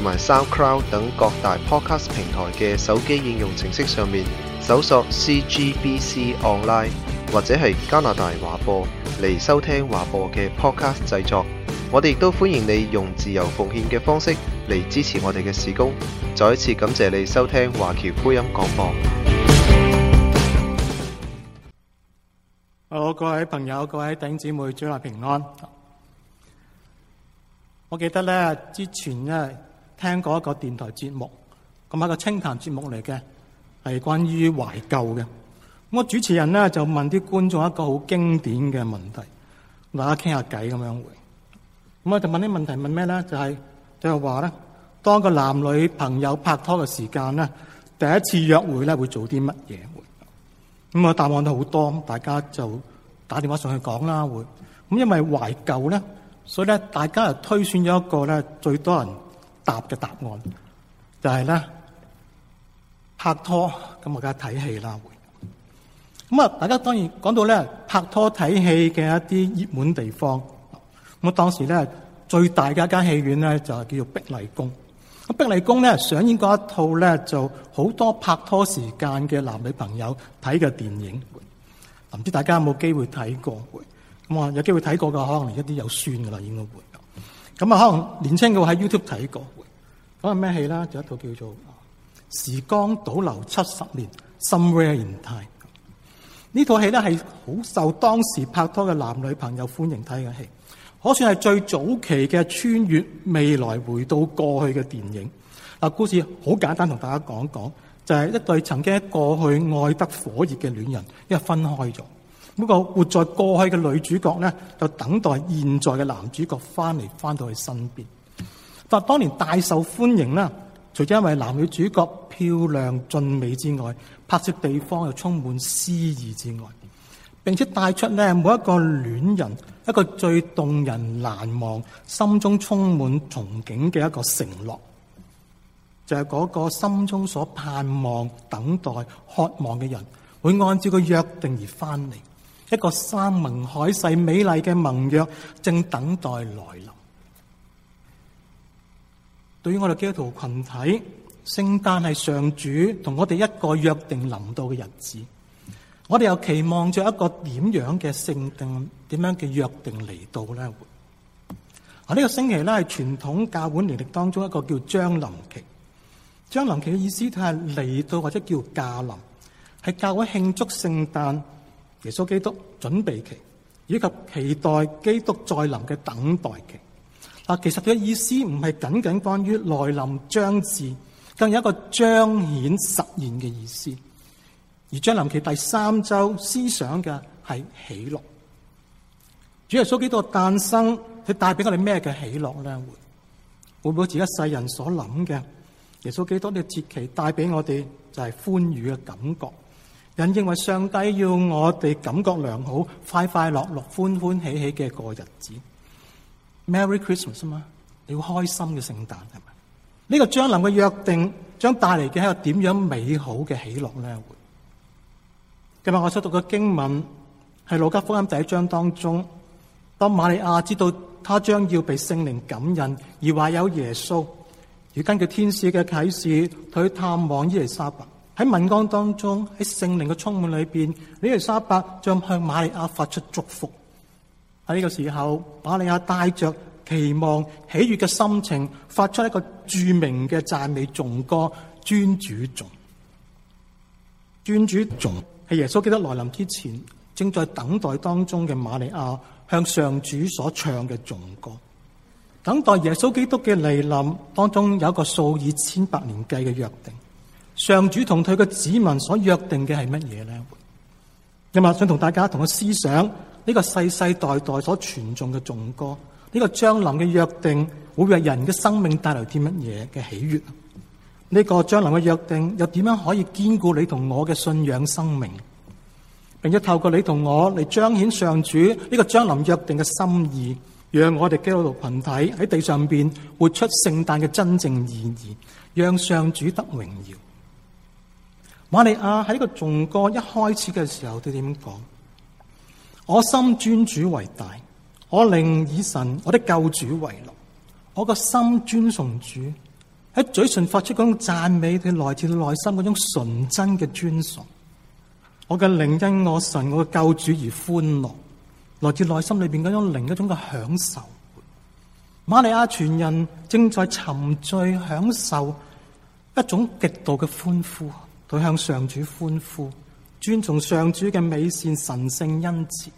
同埋 SoundCloud 等各大 Podcast 平台嘅手機應用程式上面搜索 CGBC Online 或者係加拿大華播嚟收聽華播嘅 Podcast 製作，我哋亦都歡迎你用自由奉獻嘅方式嚟支持我哋嘅事工。再一次感謝你收聽華僑福音廣播。各位朋友，各位弟兄姐妹，祝你平安。我記得咧，之前咧。聽過一個電台節目，咁係一個清談節目嚟嘅，係關於懷舊嘅。咁個主持人咧就問啲觀眾一個好經典嘅問題，大家傾下偈咁樣會。咁我就問啲問題問咩咧？就係就係話咧，當個男女朋友拍拖嘅時間咧，第一次約會咧會做啲乜嘢？咁啊答案都好多，大家就打電話上去講啦會。咁因為懷舊咧，所以咧大家又推選咗一個咧最多人。答嘅答案就係咧拍拖，咁，我梗係睇戲啦。咁啊，大家當然講到咧拍拖睇戲嘅一啲熱門地方，我當時咧最大嘅一間戲院咧就係叫做碧麗宮。咁碧麗宮咧上演過一套咧就好多拍拖時間嘅男女朋友睇嘅電影。唔知大家有冇機會睇過？咁啊，有機會睇過嘅可能一啲有孫噶啦，應該會。咁啊，可能年青嘅喺 YouTube 睇過。講下咩戲啦？就一套叫做《時光倒流七十年》（Somewhere in Time）。這呢套戲咧係好受當時拍拖嘅男女朋友歡迎睇嘅戲，可算係最早期嘅穿越未來回到過去嘅電影。嗱，故事好簡單，同大家講講講，就係、是、一對曾經喺過去愛得火熱嘅戀人，因為分開咗，嗰、那個活在過去嘅女主角咧，就等待現在嘅男主角翻嚟，翻到佢身邊。但當年大受歡迎啦，除咗因為男女主角漂亮俊美之外，拍攝地方又充滿詩意之外，並且帶出呢每一個戀人一個最動人難忘、心中充滿憧憬嘅一個承諾，就係、是、嗰個心中所盼望、等待、渴望嘅人，會按照個約定而翻嚟，一個山盟海誓美麗嘅盟約正等待來臨。對於我哋基督徒群體，聖誕係上主同我哋一個約定臨到嘅日子。我哋又期望着一個點樣嘅聖定、點樣嘅約定嚟到呢？啊，呢個星期咧，係傳統教會年曆當中一個叫將臨期。將臨期嘅意思就係嚟到或者叫駕臨，係教會慶祝聖誕、耶穌基督準備期以及期待基督再臨嘅等待期。啊，其實佢嘅意思唔係僅僅關於來臨將至，更有一個彰顯實現嘅意思。而將臨期第三周思想嘅係喜樂。主耶穌基督誕生，佢帶俾我哋咩嘅喜樂咧？會不會唔會自己世人所諗嘅？耶穌基督呢個節期帶俾我哋就係歡愉嘅感覺。人認為上帝要我哋感覺良好，快快樂樂、樂歡歡喜喜嘅過日子。Merry Christmas 啊嘛，你要開心嘅聖誕係咪？呢個將臨嘅約定將帶嚟嘅係一個點樣美好嘅喜樂咧？今日我所讀嘅經文係《路加福音》第一章當中，當瑪利亞知道她將要被聖靈感孕而懷有耶穌，而根據天使嘅啟示，佢去探望伊麗莎白。喺文光當中，喺聖靈嘅充滿裏邊，伊麗莎白將向瑪利亞發出祝福。喺呢個時候，馬利亞帶着期望、喜悅嘅心情，發出一個著名嘅讚美頌歌：尊主頌，尊主頌，係耶穌基督來臨之前，正在等待當中嘅馬利亞向上主所唱嘅頌歌。等待耶穌基督嘅來臨當中，有一個數以千百年計嘅約定。上主同佢嘅子民所約定嘅係乜嘢咧？今日想同大家同我思想呢、這個世世代代所傳頌嘅頌歌，呢、這個將臨嘅約定會為人嘅生命帶來啲乜嘢嘅喜悅？呢、這個將臨嘅約定又點樣可以堅固你同我嘅信仰生命，並且透過你同我嚟彰顯上主呢個將臨約定嘅心意，讓我哋基督徒群體喺地上邊活出聖誕嘅真正意義，讓上主得榮耀。瑪利亞喺呢個頌歌一開始嘅時候，佢點講？我心尊主為大，我靈以神我的救主為樂。我個心尊崇主，喺嘴唇發出嗰種讚美，佢來自內心嗰種純真嘅尊崇。我嘅靈因我神我嘅救主而歡樂，來自內心裏邊嗰種另一種嘅享受。瑪利亞全人正在沉醉享受一種極度嘅歡呼。佢向上主歡呼，尊重上主嘅美善、神聖恩賜，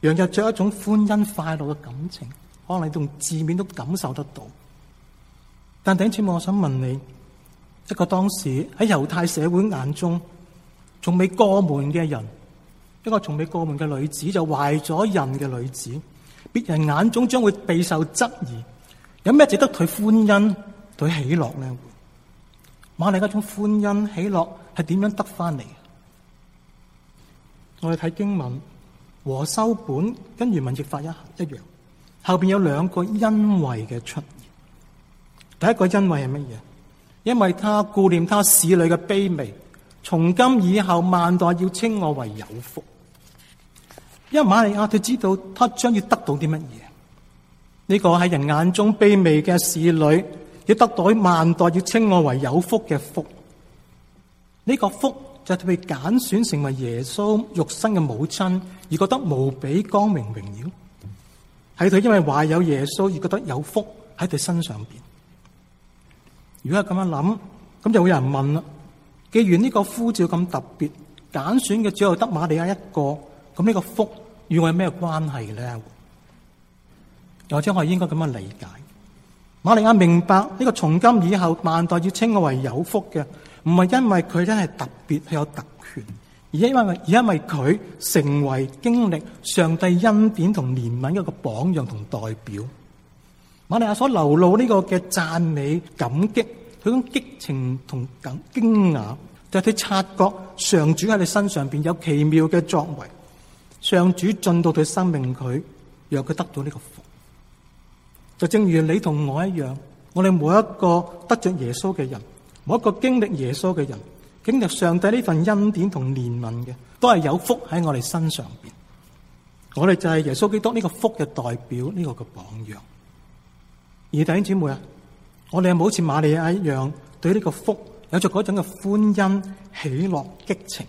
洋溢着一種歡欣快樂嘅感情，可能你同字面都感受得到。但頂次我想問你，一個當時喺猶太社會眼中仲未過門嘅人，一個從未過門嘅女子，就懷咗孕嘅女子，別人眼中將會備受質疑，有咩值得佢歡欣佢喜樂呢？瑪利亞嗰種歡欣喜樂係點樣得翻嚟？我哋睇經文和修本跟原文譯法一一樣，後邊有兩個因為嘅出現。第一個因為係乜嘢？因為他顧念他使女嘅卑微，從今以後萬代要稱我為有福，因為瑪利亞佢知道他將要得到啲乜嘢。呢、這個喺人眼中卑微嘅使女。要得到萬代要稱我為有福嘅福，呢個福就係佢被揀選成為耶穌肉身嘅母親而覺得無比光明榮耀，係佢因為懷有耶穌而覺得有福喺佢身上邊。如果係咁樣諗，咁就會有人問啦：既然呢個呼召咁特別，揀選嘅只有得馬利亞一個，咁呢個福與我有咩關係咧？我將我應該咁樣理解。馬利亞明白呢個從今以後萬代要稱我為有福嘅，唔係因為佢真係特別，佢有特權，而因為而因為佢成為經歷上帝恩典同憐憫一個榜樣同代表。馬利亞所流露呢個嘅讚美、感激、佢種激情同感驚訝，就係佢察覺上主喺你身上邊有奇妙嘅作為，上主進到佢生命，佢讓佢得到呢個福。就正如你同我一樣，我哋每一個得着耶穌嘅人，每一個經歷耶穌嘅人，經歷上帝呢份恩典同憐憫嘅，都係有福喺我哋身上邊。我哋就係耶穌基督呢個福嘅代表，呢個嘅榜樣。而弟兄姊妹啊，我哋係冇似瑪利亞一樣，對呢個福有着嗰種嘅歡欣、喜樂、激情，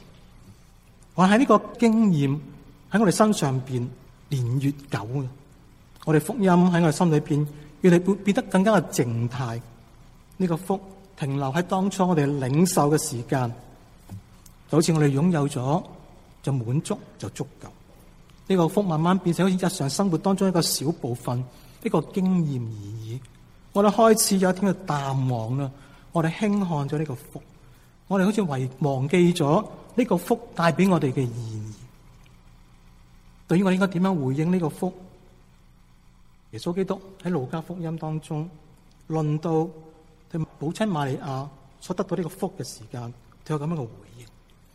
我喺呢個經驗喺我哋身上邊年月久。我哋福音喺我哋心裏邊，越嚟越變得更加嘅靜態。呢個福停留喺當初我哋領受嘅時間，就好似我哋擁有咗就滿足就足夠。呢個福慢慢變成好似日常生活當中一個小部分，一個經驗而已。我哋開始有一點嘅淡忘啦，我哋輕看咗呢個福，我哋好似遺忘記咗呢個福帶俾我哋嘅意義。對於我應該點樣回應呢個福？耶穌基督喺路加福音當中，論到佢母親瑪利亞所得到呢個福嘅時間，佢有咁樣嘅回應，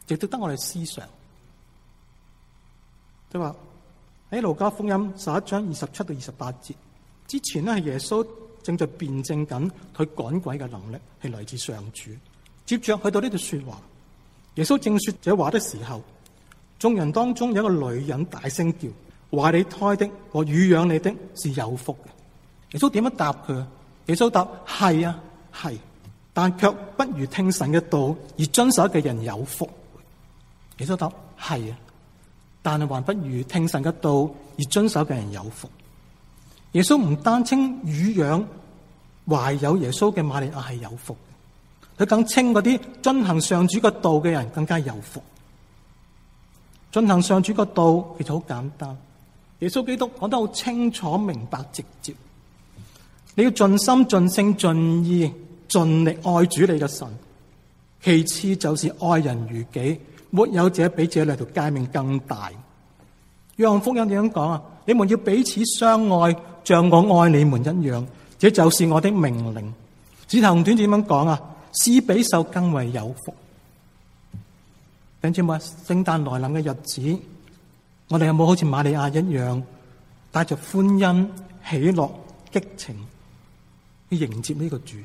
值得我哋思想。佢話喺路加福音十一章二十七到二十八節之前呢係耶穌正在辯證緊佢趕鬼嘅能力係來自上主。接着去到呢度說話，耶穌正說這話的時候，眾人當中有一個女人大聲叫。懷你胎的我乳養你的是有福嘅。耶穌點樣答佢？耶穌答：係啊，係，但卻不如聽神嘅道而遵守嘅人有福。耶穌答：係啊，但係還不如聽神嘅道而遵守嘅人有福。耶穌唔單稱乳養懷有耶穌嘅瑪利亞係有福的，佢更稱嗰啲遵行上主嘅道嘅人更加有福。遵行上主嘅道其實好簡單。耶穌基督講得好清楚、明白、直接。你要盡心、盡性、盡意、盡力愛主你嘅神。其次就是愛人如己，沒有者比這兩條誡命更大。約翰福音點樣講啊？你們要彼此相愛，像我愛你們一樣，這就是我的命令。使徒行傳點樣講啊？施比受更為有福。等住啊，聖誕來臨嘅日子。我哋有冇好似瑪利亞一樣，帶着歡欣、喜樂、激情去迎接呢個主？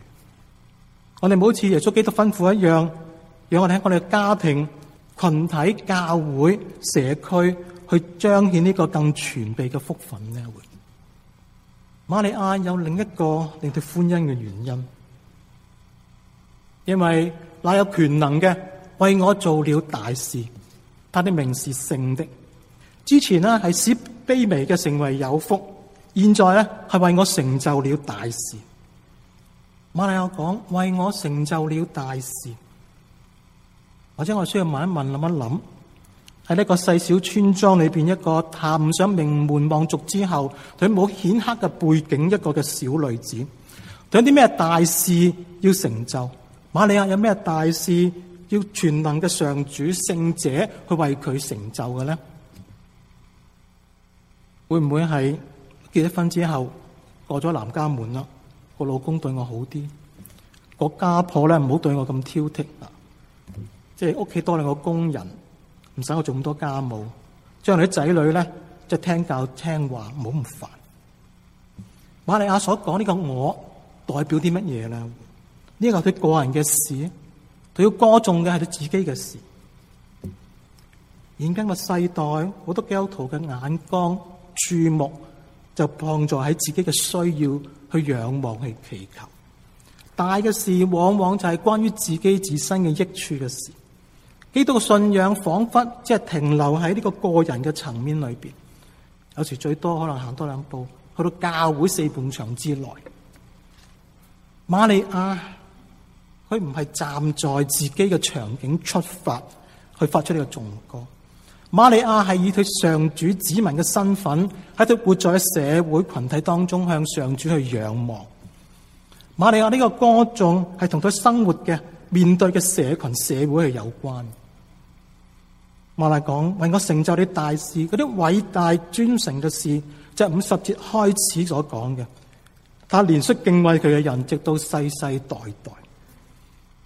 我哋冇好似耶穌基督吩咐一樣，讓我哋喺我哋嘅家庭、群體、教會、社區去彰顯呢個更全備嘅福分呢？瑪利亞有另一個令佢歡欣嘅原因，因為那有權能嘅為我做了大事，他的名是聖的。之前咧係使卑微嘅成為有福，現在咧係為我成就了大事。瑪利亞講：為我成就了大事。或者我需要問一問、諗一諗，喺呢個細小村莊裏邊，一個談不上名門望族之後，佢冇顯赫嘅背景，一個嘅小女子，佢有啲咩大事要成就？瑪利亞有咩大事要全能嘅上主聖者去為佢成就嘅咧？會唔會喺結咗婚之後過咗男家門啦？個老公對我好啲，個家婆咧唔好對我咁挑剔啦，即係屋企多兩個工人，唔使我做咁多家務。將來啲仔女咧即係聽教聽話，唔好咁煩。馬利亞所講呢個我代表啲乜嘢咧？呢個係佢個人嘅事，佢要歌頌嘅係佢自己嘅事。現今嘅世代，好多基督徒嘅眼光。注目就幫助喺自己嘅需要去仰望去祈求，大嘅事往往就係關於自己自身嘅益處嘅事。基督信仰仿佛即係停留喺呢個個人嘅層面裏邊，有時最多可能行多兩步去到教會四半場之內。瑪利亞，佢唔係站在自己嘅場景出發去發出呢個頌歌。瑪利亞係以佢上主子民嘅身份喺佢活在社會群體當中向上主去仰望，馬利亞呢個歌頌係同佢生活嘅面對嘅社群社會係有關。馬利亞講：為我成就啲大事，嗰啲偉大專誠嘅事，就係五十節開始所講嘅。他憐恤敬畏佢嘅人，直到世世代代、代。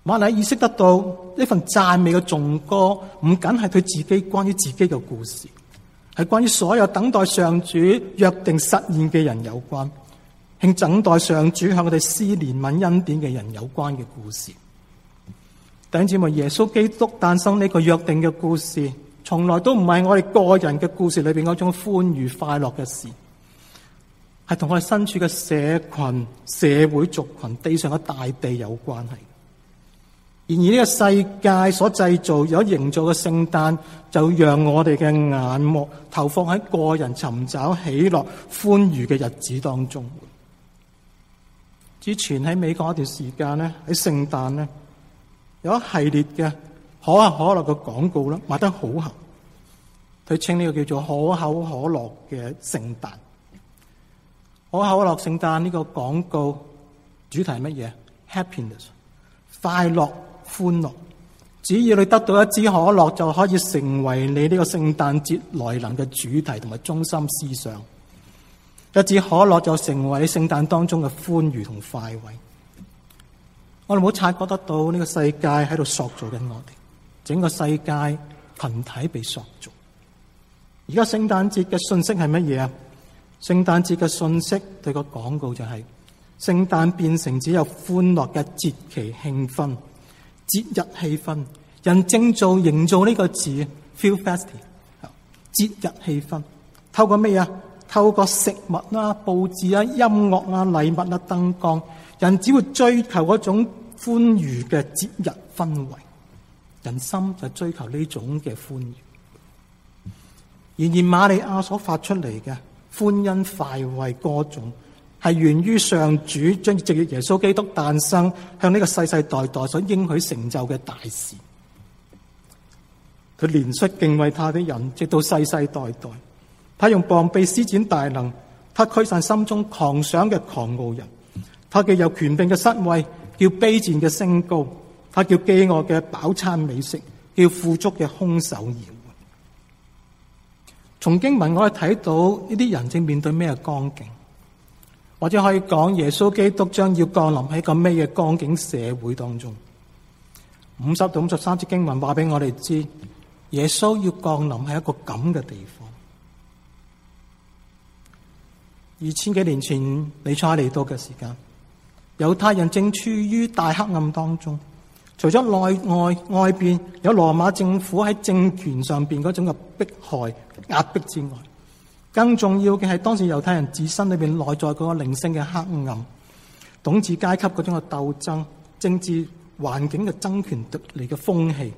馬利亞意識得到呢份讚美嘅頌歌，唔僅係佢自己關於自己嘅故事，係關於所有等待上主約定實現嘅人有關，慶等待上主向佢哋施憐憫恩典嘅人有關嘅故事。弟兄姊妹，耶穌基督誕生呢個約定嘅故事，從來都唔係我哋個人嘅故事裏邊嗰種歡愉快樂嘅事，係同我哋身處嘅社群、社會、族群、地上嘅大地有關係。然而呢個世界所製造、有營造嘅聖誕，就讓我哋嘅眼目投放喺個人尋找喜樂、歡愉嘅日子當中。之前喺美國一段時間咧，喺聖誕咧有一系列嘅可口可樂嘅廣告啦，賣得好行。佢稱呢個叫做可口可樂嘅聖誕，可口可樂聖誕呢個廣告主題係乜嘢？Happiness，快樂。歡樂，只要你得到一支可樂，就可以成為你呢個聖誕節來臨嘅主題同埋中心思想。一支可樂就成為聖誕當中嘅歡愉同快慰。我哋冇察覺得到呢個世界喺度塑造緊我哋，整個世界群體被塑造。而家聖誕節嘅信息係乜嘢啊？聖誕節嘅信息對個廣告就係聖誕變成只有歡樂嘅節期興奮。節日氣氛，人正做營造呢個字，feel festive。節日氣氛透過咩啊？透過食物啦、啊、佈置啦、音樂啊、禮物啊、燈光，人只會追求嗰種歡愉嘅節日氛圍。人心就追求呢種嘅歡愉。然而，瑪利亞所發出嚟嘅歡欣快慰歌種。係源於上主將藉着耶穌基督誕生，向呢個世世代代所應許成就嘅大事。佢憐恤敬畏他的人，直到世世代代。他用膀臂施展大能，他驅散心中狂想嘅狂傲人。他叫有權柄嘅失位，叫卑賤嘅升高。他叫飢餓嘅飽餐美食，叫富足嘅空手而回。從經文我哋睇到呢啲人正面對咩光景？或者可以講耶穌基督將要降臨喺個咩嘅光景社會當中？五十到五十三節經文話俾我哋知，耶穌要降臨喺一個咁嘅地方。二千幾年前利，你差唔多嘅時間，猶太人正處於大黑暗當中，除咗內外外邊有羅馬政府喺政權上邊嗰種嘅迫害、壓迫之外。更重要嘅係當時猶太人自身裏邊內在嗰個靈性嘅黑暗，統治階級嗰種嘅鬥爭、政治環境嘅爭權奪利嘅風氣，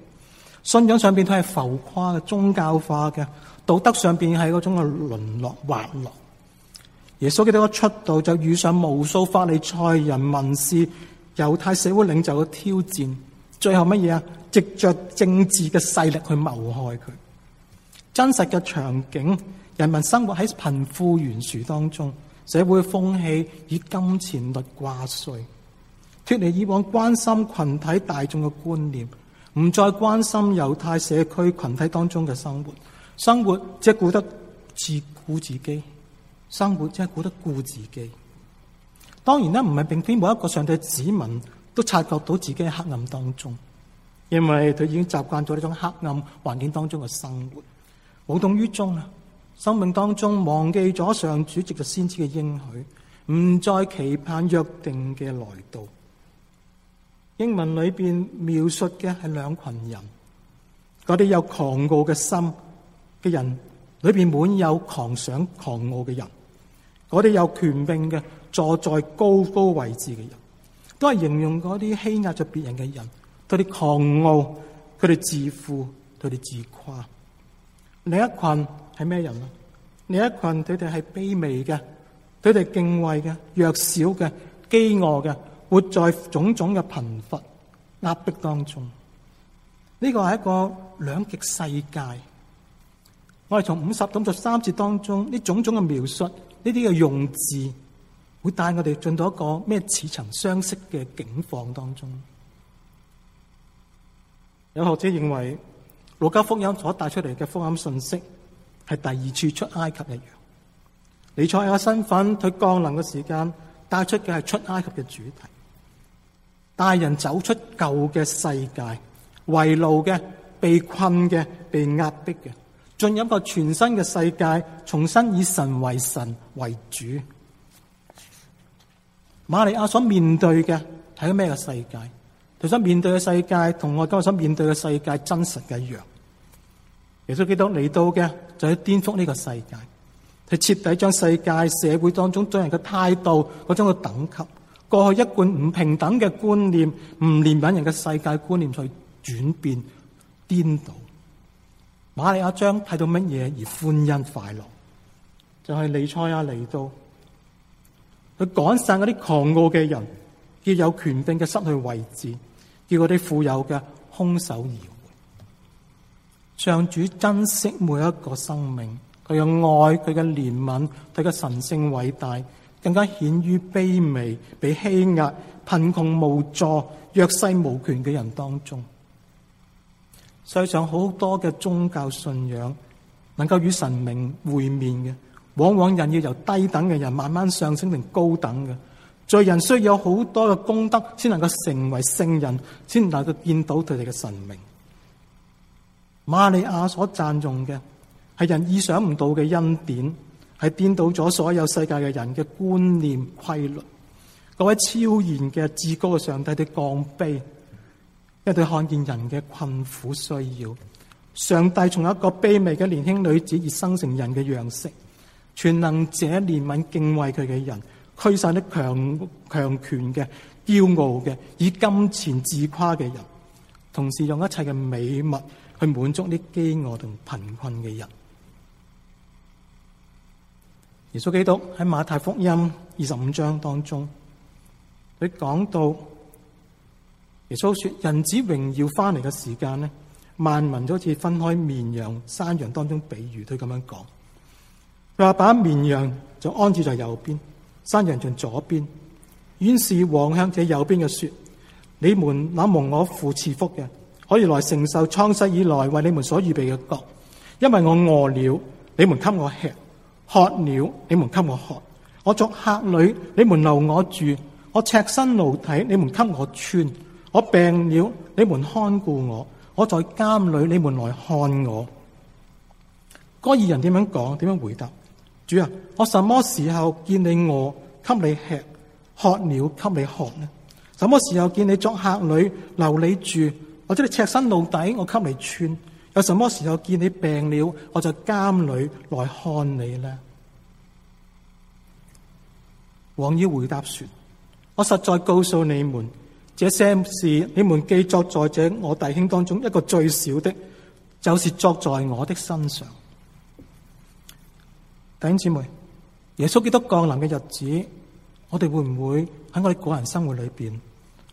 信仰上邊都係浮誇嘅宗教化嘅，道德上邊係嗰種嘅淪落滑落。耶穌基督一出道就遇上無數法利賽人、文士猶太社會領袖嘅挑戰，最後乜嘢啊？藉着政治嘅勢力去謀害佢。真實嘅場景。人民生活喺貧富懸殊當中，社會的風氣以金錢率掛帥，脫離以往關心群體大眾嘅觀念，唔再關心猶太社區群體當中嘅生活，生活只係顧得自顧自己，生活只係顧得顧自己。當然啦，唔係並非每一個上帝嘅子民都察覺到自己喺黑暗當中，因為佢已經習慣咗呢種黑暗環境當中嘅生活，無動於衷啦。生命當中忘記咗上主藉着先知嘅應許，唔再期盼約定嘅來到。英文裏邊描述嘅係兩群人，嗰啲有狂傲嘅心嘅人，裏邊滿有狂想狂傲嘅人，嗰啲有權柄嘅坐在高高位置嘅人，都係形容嗰啲欺壓着別人嘅人，佢哋狂傲，佢哋自負，佢哋自誇。另一群。係咩人啊？呢一群佢哋係卑微嘅，佢哋敬畏嘅，弱小嘅，飢餓嘅，活在種種嘅貧乏、壓迫當中。呢個係一個兩極世界。我哋從五十到十三節當中，呢種種嘅描述，呢啲嘅用字，會帶我哋進到一個咩似曾相識嘅境況當中。有學者認為，路加福音所帶出嚟嘅福音信息，係第二次出埃及一樣，彌賽亞身份佢降臨嘅時間帶出嘅係出埃及嘅主題，帶人走出舊嘅世界，圍路嘅、被困嘅、被壓迫嘅，進入一個全新嘅世界，重新以神為神為主。瑪利亞所面對嘅係咩嘅世界？佢所面對嘅世界，同我今日所面對嘅世界，真實嘅一樣。耶穌基督嚟到嘅就係顛覆呢個世界，佢徹底將世界社會當中對人嘅態度嗰種嘅等級，過去一貫唔平等嘅觀念、唔憐憫人嘅世界觀念，去轉變顛倒。瑪利亞將睇到乜嘢而歡欣快樂？就係彌賽亞嚟到，佢趕散嗰啲狂傲嘅人，叫有權柄嘅失去位置，叫嗰啲富有嘅空手而。上主珍惜每一個生命，佢嘅愛，佢嘅憐憫，佢嘅神聖偉大，更加顯於卑微、被欺壓、貧窮無助、弱勢無權嘅人當中。世上好多嘅宗教信仰，能夠與神明會面嘅，往往人要由低等嘅人慢慢上升成高等嘅，罪人需要有好多嘅功德，先能夠成為聖人，先能夠見到佢哋嘅神明。瑪利亞所讚頌嘅係人意想唔到嘅恩典，係顛倒咗所有世界嘅人嘅觀念規律。各位超然嘅至高嘅上帝嘅降卑，一對看見人嘅困苦需要。上帝從一個卑微嘅年輕女子而生成人嘅樣式，全能者憐憫敬畏佢嘅人，驅散啲強強權嘅驕傲嘅以金錢自誇嘅人，同時用一切嘅美物。去滿足啲飢餓同貧困嘅人。耶穌基督喺馬太福音二十五章當中，佢講到耶穌說：人子榮耀返嚟嘅時間呢，萬民就好似分開綿羊山羊當中，比喻佢咁樣講：「佢話把綿羊就安置在右邊，山羊在左邊。於是王向這右邊嘅說：你們那蒙我父賜福嘅。可以來承受創世以來為你們所預備嘅國，因為我餓了，你們給我吃；渴了，你們給我喝；我作客旅，你們留我住；我赤身露體，你們給我穿；我病了，你們看顧我；我在監裏，你們來看我。嗰義人點樣講？點樣回答？主啊，我什麼時候見你餓，給你吃；渴了，給你喝呢？什麼時候見你作客旅，留你住？或者你赤身露體，我給你穿。有什麼時候見你病了，我就監裡來看你呢？王姨回答說：我實在告訴你們，這些事你們既作在這我弟兄當中一個最小的，就是作在我的身上。弟兄姊妹，耶穌基督降臨嘅日子，我哋會唔會喺我哋個人生活裡邊，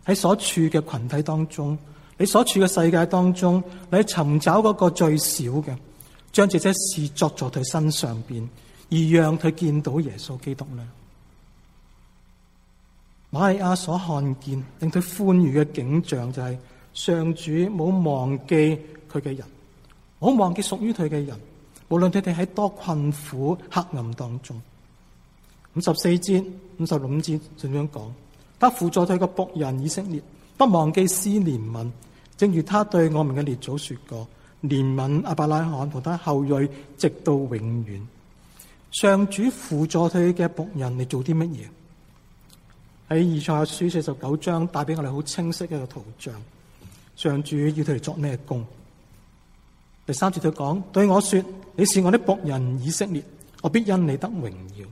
喺所處嘅群體當中？你所處嘅世界當中，你尋找嗰個最少嘅，將這些事作在佢身上邊，而讓佢見到耶穌基督呢？馬利亞所看見令佢歡愉嘅景象，就是，就係上主冇忘記佢嘅人，冇忘記屬於佢嘅人，無論佢哋喺多困苦黑暗當中。五十四節、五十五節點樣講？不輔助佢個僕人以色列，不忘記施憐憫。正如他對我們的列祖說過，憐憫亞伯拉罕和他後裔，直到永遠。上主輔助他嘅僕人什麼，你做啲乜嘢？喺以賽亞書四十九章帶俾我哋好清晰嘅一個圖像。上主要佢哋作咩工？第三節佢講：對我說，你是我的僕人以色列，我必因你得榮耀。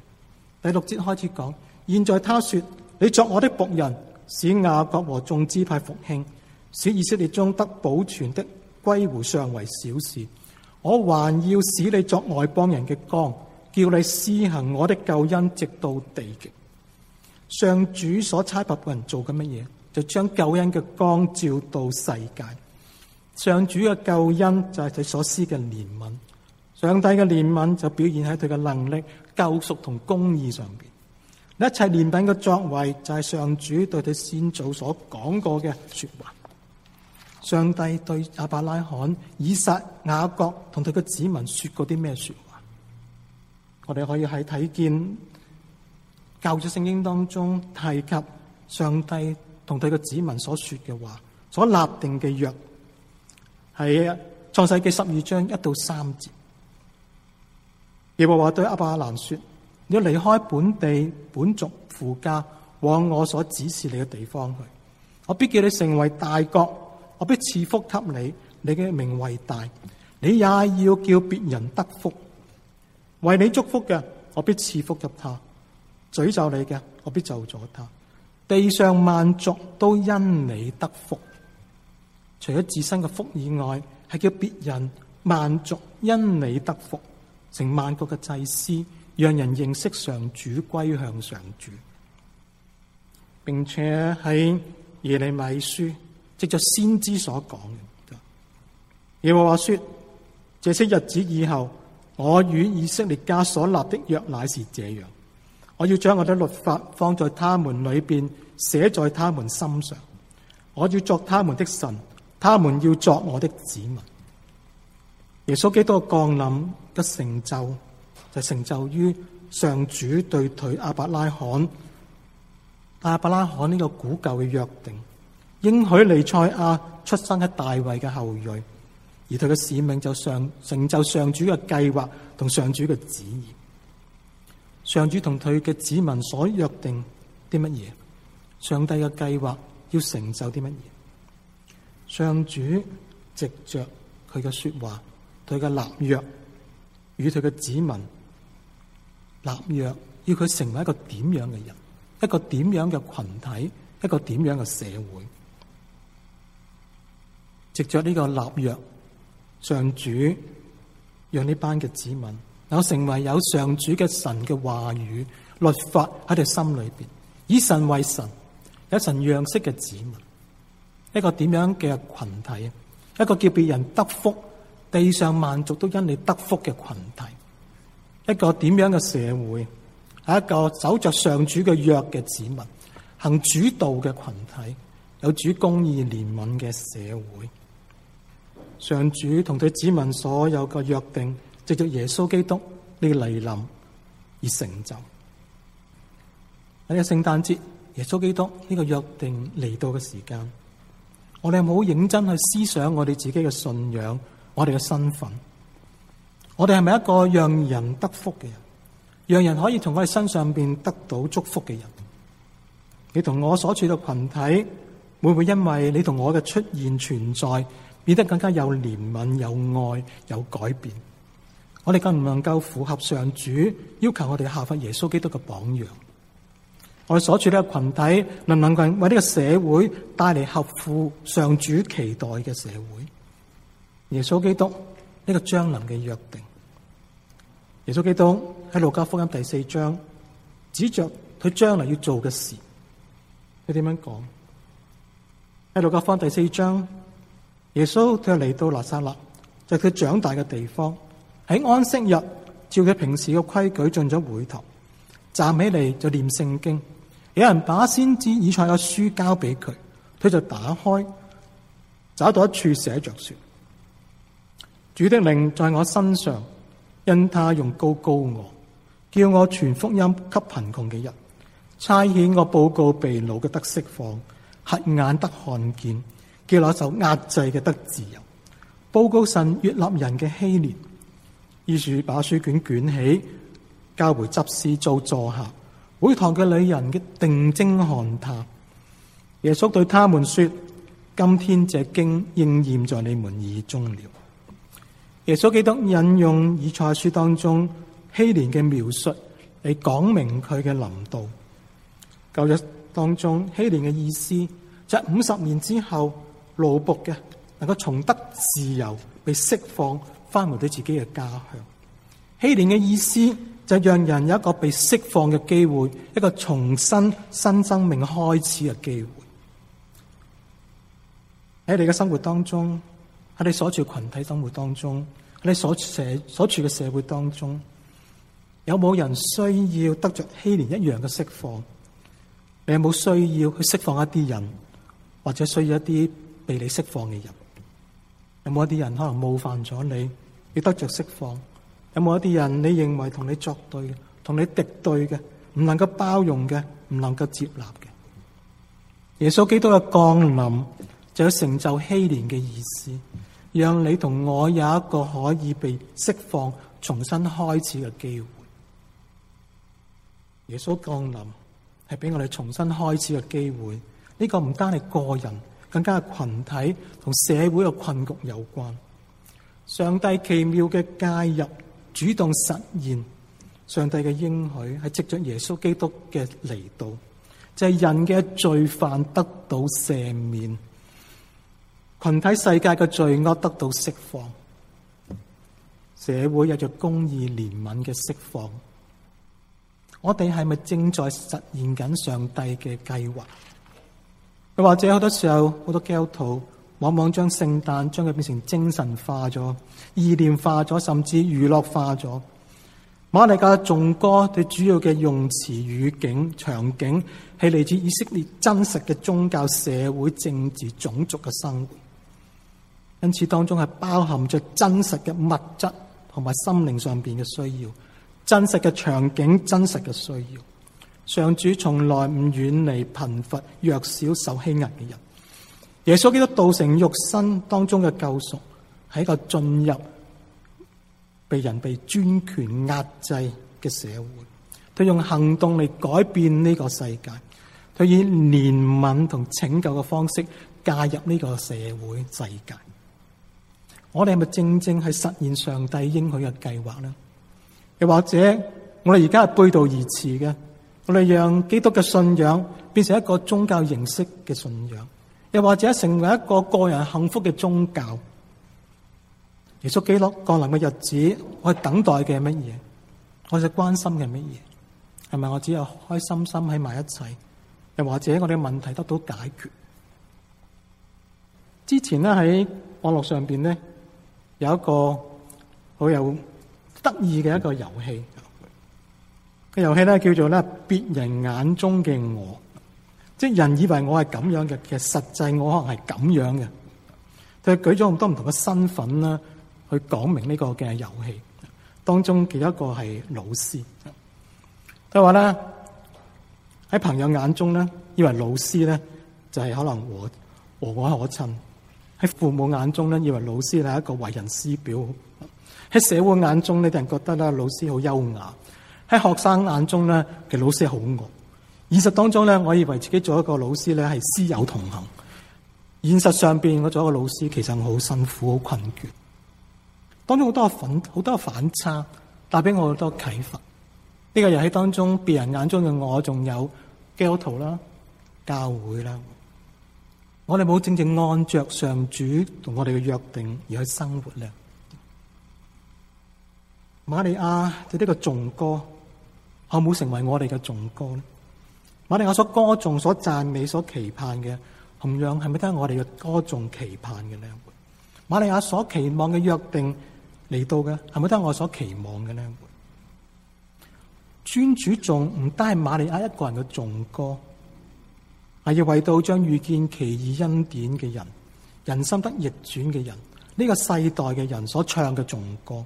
第六節開始講：現在他說，你作我的僕人，使雅各眾支派復興。使以色列中得保存的歸乎尚為小事，我還要使你作外邦人嘅光，叫你施行我的救恩，直到地極。上主所差撥嘅人做緊乜嘢？就將救恩嘅光照到世界。上主嘅救恩就係佢所施嘅憐憫。上帝嘅憐憫就表現喺佢嘅能力救贖同公義上邊。一切憐憫嘅作為就係上主對佢先祖所講過嘅說話。上帝對阿伯拉罕、以撒、雅各同佢個子民說過啲咩說話？我哋可以喺睇見舊約聖經當中提及上帝同佢個子民所說嘅話，所立定嘅約，係創世紀十二章一到三節。耶和華對阿伯蘭說：你要離開本地、本族、父家，往我所指示你嘅地方去。我必叫你成為大國。我必賜福給你，你嘅名為大，你也要叫別人得福。為你祝福嘅，我必賜福給他；詛咒你嘅，我必咒詛他。地上萬族都因你得福。除咗自身嘅福以外，係叫別人萬族因你得福，成萬國嘅祭司，讓人認識上主，歸向上主，並且喺耶利米書，藉着先知所講嘅，耶和華說：這些日子以後，我與以色列家所立的約乃是這樣，我要將我的律法放在他們裏邊，寫在他們心上。我要作他們的神，他們要作我的子民。耶穌基督降臨嘅成就，就是、成就於上主對佢亞伯拉罕、但亞伯拉罕呢個古舊嘅約定。應許彌賽亞出生喺大衛嘅後裔，而佢嘅使命就上成就上主嘅計劃同上主嘅旨意。上主同佢嘅子民所約定啲乜嘢？上帝嘅計劃要成就啲乜嘢？上主藉着佢嘅說話，佢嘅立約與佢嘅子民立約，要佢成為一個點樣嘅人，一個點樣嘅群體，一個點樣嘅社會。藉着呢個立約，上主讓呢班嘅子民能成為有上主嘅神嘅話語律法喺你心裏邊，以神為神，有神樣式嘅子民，一個點樣嘅群體？一個叫別人得福，地上萬族都因你得福嘅群體。一個點樣嘅社會？係一個守着上主嘅約嘅子民，行主道嘅群體，有主公義憐憫嘅社會。上主同佢子民所有嘅約定，藉着耶穌基督呢個來臨而成就喺呢個聖誕節，耶穌基督呢個約定嚟到嘅時間，我哋冇好認真去思想我哋自己嘅信仰，我哋嘅身份，我哋係咪一個讓人得福嘅人，讓人可以從我哋身上邊得到祝福嘅人？你同我所處嘅群體，會唔會因為你同我嘅出現存在，變得更加有憐憫、有愛、有改變。我哋更唔能夠符合上主要求我哋效法耶穌基督嘅榜樣？我哋所處呢個群體能唔能夠為呢個社會帶嚟合乎上主期待嘅社會？耶穌基督呢個將臨嘅約定，耶穌基督喺路加福音第四章指着佢將來要做嘅事，佢點樣講？喺路加福音第四章。耶穌佢嚟到拿撒勒，就佢長大嘅地方，喺安息日照佢平時嘅規矩進咗會堂，站起嚟就念聖經。有人把先知以賽亞嘅書交俾佢，佢就打開，找到一處寫着說：主的靈在我身上，因他用膏膏我，叫我傳福音給貧窮嘅人，差遣我報告被擄嘅得釋放，瞎眼得看見。叫那受壓制嘅得自由，報告神越立人嘅禧年，於是把書卷捲起，交回執事就坐下。會堂嘅女人嘅定睛看他，耶穌對他們說：今天這經應驗在你們耳中了。耶穌記得引用以賽書當中禧年嘅描述嚟講明佢嘅臨到。舊約當中禧年嘅意思，就五十年之後。奴僕嘅能夠重得自由，被釋放返回到自己嘅家鄉。禧年嘅意思就讓人有一個被釋放嘅機會，一個重新新生命開始嘅機會。喺你嘅生活當中，喺你所處群體生活當中，喺你所社所處嘅社會當中，有冇人需要得着禧年一樣嘅釋放？你有冇需要去釋放一啲人，或者需要一啲，被你釋放嘅人，有冇一啲人可能冒犯咗你，你得着釋放？有冇一啲人你認為同你作對嘅、同你敵對嘅，唔能夠包容嘅，唔能夠接納嘅？耶穌基督嘅降臨就有成就禧年嘅意思，讓你同我有一個可以被釋放、重新開始嘅機會。耶穌降臨係俾我哋重新開始嘅機會，呢個唔單係個人。更加係群體同社會嘅困局有關。上帝奇妙嘅介入，主動實現上帝嘅應許，係藉着耶穌基督嘅嚟到，就係人嘅罪犯得到赦免，群體世界嘅罪惡得到釋放，社會有着公義憐憫嘅釋放。我哋係咪正在實現緊上帝嘅計劃？又或者好多時候，好多基督徒往往將聖誕將佢變成精神化咗、意念化咗，甚至娛樂化咗。馬利亞嘅頌歌對主要嘅用詞語境場景，係嚟自以色列真實嘅宗教、社會、政治、種族嘅生活。因此當中係包含着真實嘅物質同埋心靈上邊嘅需要，真實嘅場景、真實嘅需要。上主從來唔遠離貧乏、弱小、受欺壓嘅人。耶穌基督道成肉身當中嘅救贖，係一個進入被人被專權壓制嘅社會，佢用行動嚟改變呢個世界，佢以憐憫同拯救嘅方式介入呢個社會世界。我哋係咪正正係實現上帝應許嘅計劃呢？又或者我哋而家係背道而馳嘅？我哋讓基督嘅信仰變成一個宗教形式嘅信仰，又或者成為一個個人幸福嘅宗教。耶穌基督降臨嘅日子，我哋等待嘅係乜嘢？我哋關心嘅係乜嘢？係咪我只有開心心喺埋一齊？又或者我哋問題得到解決？之前咧喺網絡上邊咧有一個好有得意嘅一個遊戲。這個遊戲咧叫做咧別人眼中嘅我，即係人以為我係咁樣嘅，其實實際我可能係咁樣嘅。佢舉咗咁多唔同嘅身份啦，去講明呢個嘅遊戲當中其中一個係老師。佢話咧喺朋友眼中咧，以為老師咧就係可能和和藹可親；喺父母眼中咧，以為老師係一個為人師表；喺社會眼中，你哋人覺得咧老師好優雅。.喺學生眼中咧，其實老師好惡。現實當中咧，我以為自己做一個老師咧係師友同行。現實上邊我做一個老師，其實我好辛苦、好困倦。當中好多反好多反差，帶俾我好多啟發。呢、這個遊戲當中，別人眼中嘅我，仲有基督徒啦、教會啦。我哋冇正正按着上主同我哋嘅約定而去生活咧。瑪利亞就呢、是、個頌歌。可唔可以成為我哋嘅頌歌咧？瑪利亞所歌頌、所讚美、所期盼嘅，同樣係咪都係我哋嘅歌頌期盼嘅呢？瑪利亞所期望嘅約定嚟到嘅，係咪都係我所期望嘅呢？尊主頌唔單係瑪利亞一個人嘅頌歌，係要為到將遇見奇異恩典嘅人、人心得逆轉嘅人、呢、這個世代嘅人所唱嘅頌歌，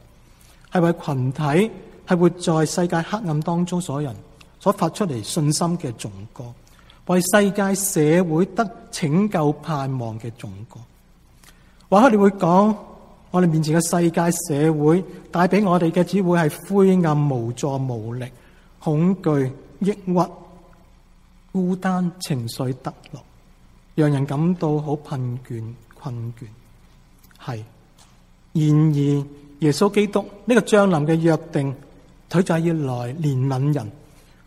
係為群體。係活在世界黑暗當中所有人所發出嚟，信心嘅頌歌，為世界社會得拯救盼望嘅頌歌。或者你會講，我哋面前嘅世界社會帶俾我哋嘅只會係灰暗、無助、無力、恐懼、抑鬱、孤單、情緒低落，讓人感到好困倦、困倦。係，然而耶穌基督呢個將臨嘅約定，佢就係要來憐憫人，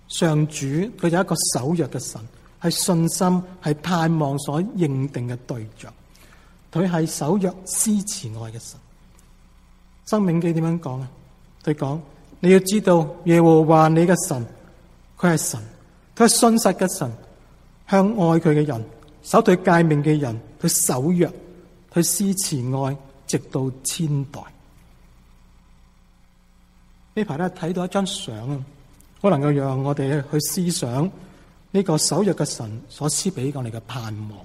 上主佢有一個守約嘅神，係信心係盼望所認定嘅對象，佢係守約施慈愛嘅神。申命記點樣講啊？佢講你要知道耶和華你嘅神，佢係神，佢係信實嘅神，向愛佢嘅人，守對誡命嘅人去守約，去施慈愛，直到千代。呢排咧睇到一張相啊，好能夠讓我哋去思想呢個守約嘅神所施俾我哋嘅盼望。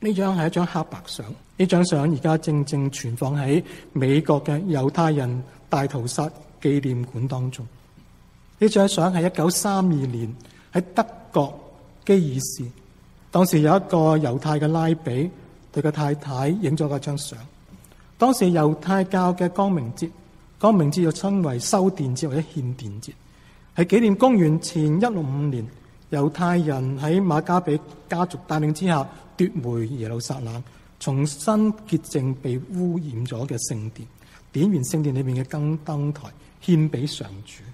呢張係一張黑白相，呢張相而家正正存放喺美國嘅猶太人大屠殺紀念館當中。呢張相係一九三二年喺德國基爾市，當時有一個猶太嘅拉比對個太太影咗一張相。當時猶太教嘅光明節。光明節又稱為修殿節或者獻殿節，係紀念公元前一六五年猶太人喺馬加比家族帶領之下奪回耶路撒冷，重新潔淨被污染咗嘅聖殿，點完聖殿裏面嘅燈燈台，獻俾上主。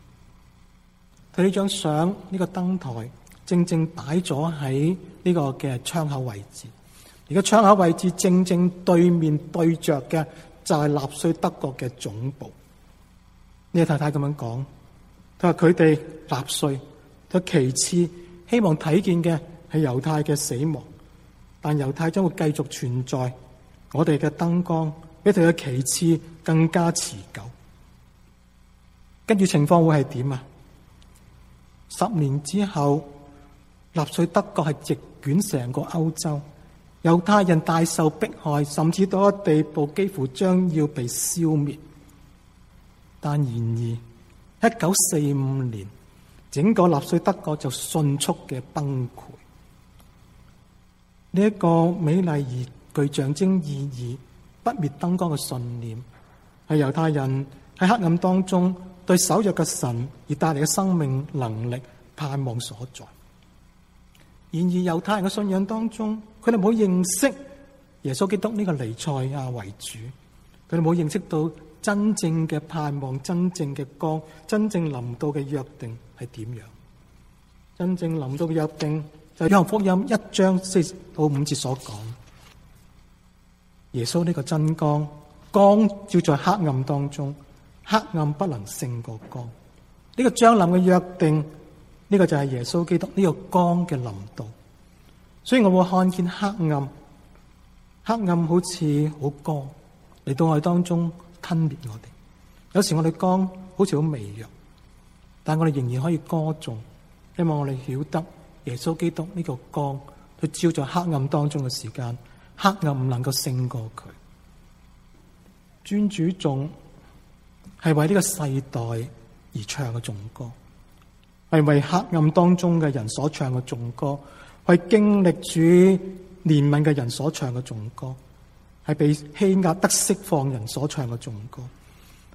睇呢張相，呢、呢個燈台正正擺咗喺呢個嘅窗口位置，而個窗口位置正正對面對着嘅就係納粹德國嘅總部。耶太太咁樣講，佢話佢哋納粹，佢其次希望睇見嘅係猶太嘅死亡，但猶太將會繼續存在我們的，我哋嘅燈光比佢嘅其次更加持久。跟住情況會係點啊？十年之後，納粹德國係席捲成個歐洲，猶太人大受迫害，甚至到一地步，幾乎將要被消滅。但然而，一九四五年，整個納粹德國就迅速嘅崩潰。呢、這、一個美麗而具象徵意義、不滅燈光嘅信念，係猶太人喺黑暗當中對守約嘅神而帶嚟嘅生命能力盼望所在。然而猶太人嘅信仰當中，佢哋冇認識耶穌基督呢個彌賽亞為主，佢哋冇認識到。真正嘅盼望，真正嘅光，真正臨到嘅約定係點樣？真正臨到嘅約定就係約翰福音一章四到五節所講，耶穌呢個真光，光照在黑暗當中，黑暗不能勝過光。呢、這個將臨嘅約定，呢、這個就係耶穌基督呢個光嘅臨到。所以我會看見黑暗，黑暗好似好光嚟到我哋當中。吞滅我哋。有時我哋光好似好微弱，但我哋仍然可以歌頌。因為我哋曉得耶穌基督呢個光，佢照在黑暗當中嘅時間，黑暗唔能夠勝過佢。尊主頌係為呢個世代而唱嘅頌歌，係為黑暗當中嘅人所唱嘅頌歌，係經歷主憐憫嘅人所唱嘅頌歌。係被欺壓得釋放人所唱嘅頌歌，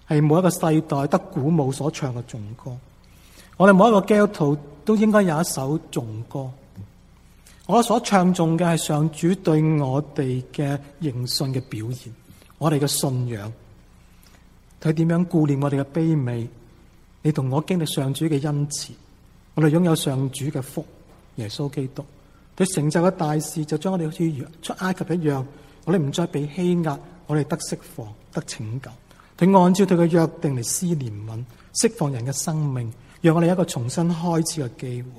係每一個世代得鼓舞所唱嘅頌歌。我哋每一個基督徒都應該有一首頌歌。我所唱頌嘅係上主對我哋嘅認信嘅表現，我哋嘅信仰，佢點樣顧念我哋嘅卑微？你同我經歷上主嘅恩慈，我哋擁有上主嘅福，耶穌基督，佢成就嘅大事就將我哋好似出埃及一樣。我哋唔再被欺壓，我哋得釋放，得拯救。佢按照佢嘅約定嚟施憐憫，釋放人嘅生命，讓我哋一個重新開始嘅機會，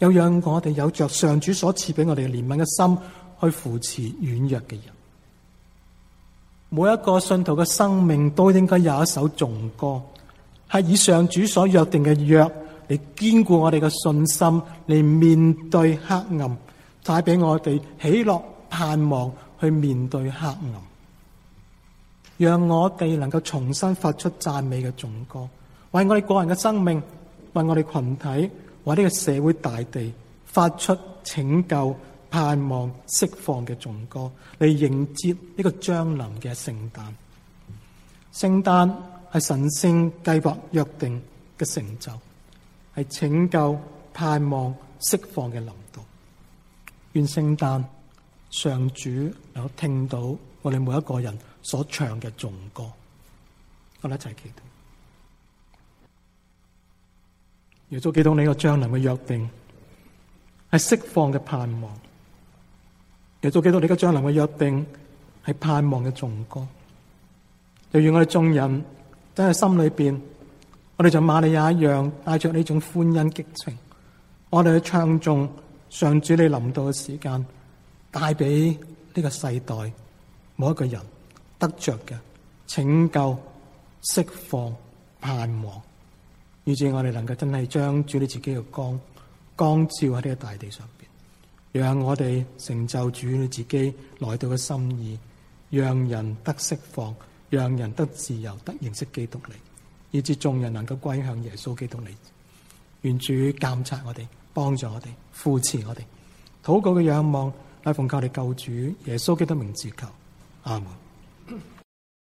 又讓我哋有着上主所賜俾我哋嘅憐憫嘅心去扶持軟弱嘅人。每一個信徒嘅生命都應該有一首頌歌，係以上主所約定嘅約嚟堅固我哋嘅信心，嚟面對黑暗，帶俾我哋喜樂盼望。去面對黑暗，讓我哋能夠重新發出讚美嘅頌歌，為我哋個人嘅生命，為我哋群體，為呢個社會大地發出拯救、盼望、釋放嘅頌歌，嚟迎接呢個將臨嘅聖誕。聖誕係神聖計劃約定嘅成就，係拯救、盼望、釋放嘅臨到。願聖誕。上主能聽到我哋每一個人所唱的頌歌，我哋一齊祈禱。耶穌基督你嘅將臨的約定是釋放的盼望。耶穌基督你嘅將臨的約定是盼望的頌歌。就如我哋眾人喺佢心裏邊，我哋就瑪利亞一樣，帶着這種歡欣激情，我哋去唱頌上主你臨到的時間。帶俾呢個世代，每一個人得着嘅拯救、釋放、盼望，以致我哋能夠真係將主你自己嘅光光照喺呢個大地上邊，讓我哋成就主你自己來到嘅心意，讓人得釋放，讓人得自由，得認識基督你，以至眾人能夠歸向耶穌基督你，願主監察我哋，幫助我哋，扶持我哋，禱告嘅仰望，拉奉靠你救主耶穌基督名字求，阿門。